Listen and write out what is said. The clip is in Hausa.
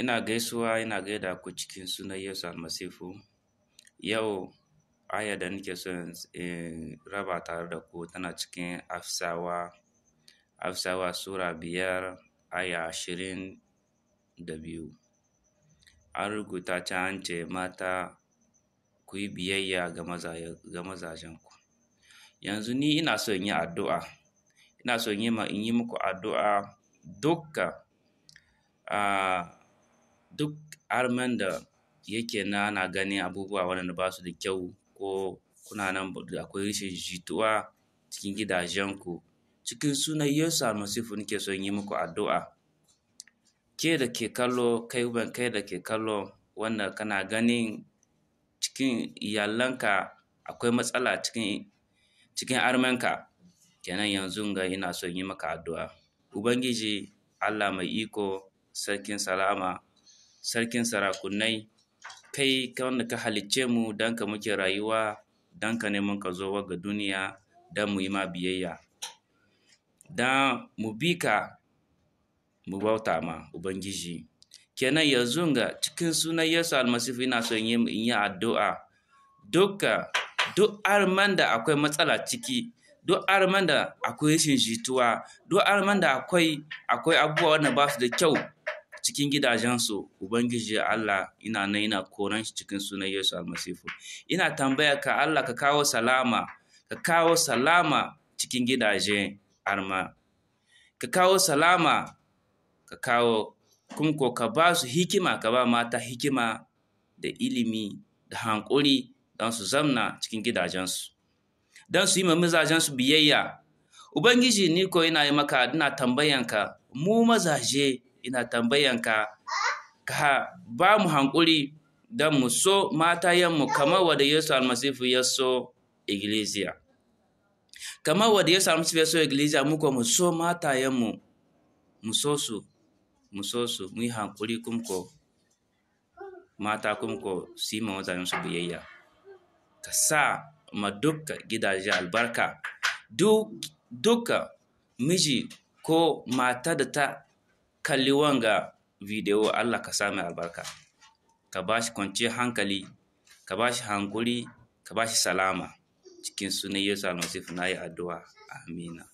Ina gaisuwa ina gaida ku cikin sunan Yesu Almasihu. Yau aya da nake so in raba tare da ku tana cikin Afisawa, Afisawa Sura biyar aya ashirin da biyu. An rubuta ta an ce mata ku yi biyayya ga mazajen ku. Yanzu ni ina so in yi addu'a, ina so in yi muku addu'a dukka. Ah, duk arman da yake na ana ganin abubuwa waɗanda ba su da kyau ko kuna nan akwai rashin jituwa cikin gidajenku cikin sunan Yesu almasifu nake son yi muku addu'a ke da ke kallo kai ban kai da ke kallo wanda kana ganin cikin iyalanka akwai matsala cikin cikin armenka. kenan yanzu ga ina son yi maka addu'a ubangiji Allah mai iko sarkin salama sarkin sarakunai kai wanda ka halicce mu don ka muke rayuwa don ka neman ka zo ga duniya don mu yi ma biyayya don mu bi ka mu bauta ma ubangiji kenan yanzu ga cikin sunan yesu almasifu ina son in yi addu'a duka duk arman da akwai matsala ciki duk arman da akwai rashin jituwa duk arman da akwai akwai abubuwa wanda ba su da kyau cikin gidajensu ubangiji Allah ina nan ina koran shi cikin sunan Yesu almasifu ina tambaya ka Allah ka kawo salama ka kawo salama cikin gidaje arma ka kawo salama ka kawo kuma ka ba su hikima ka ba mata hikima da ilimi da hankuri don su zamna cikin gidajensu don su yi ma mazajensu biyayya ubangiji ni ko ina yi maka ina tambayanka mu mazaje ina tambayanka ka ba mu hankuri don mu so matayenmu kamar wadda Yesu almasifu ya so iglesia. Kamar wadda Yesu almasifu ya so iglesia muka mu so matayenmu mu so su mu so su mu yi hankuri kumko mata kumko su yi yin su biyayya. Ka sa ma duka gidaje albarka duka miji ko mata da ta kalli wanga bidiyo Allah ka sami albarka ka ba shi kwanciyar hankali ka ba shi hankuri ka ba shi salama cikin sunan Yesu almasifu na yi addu'a amina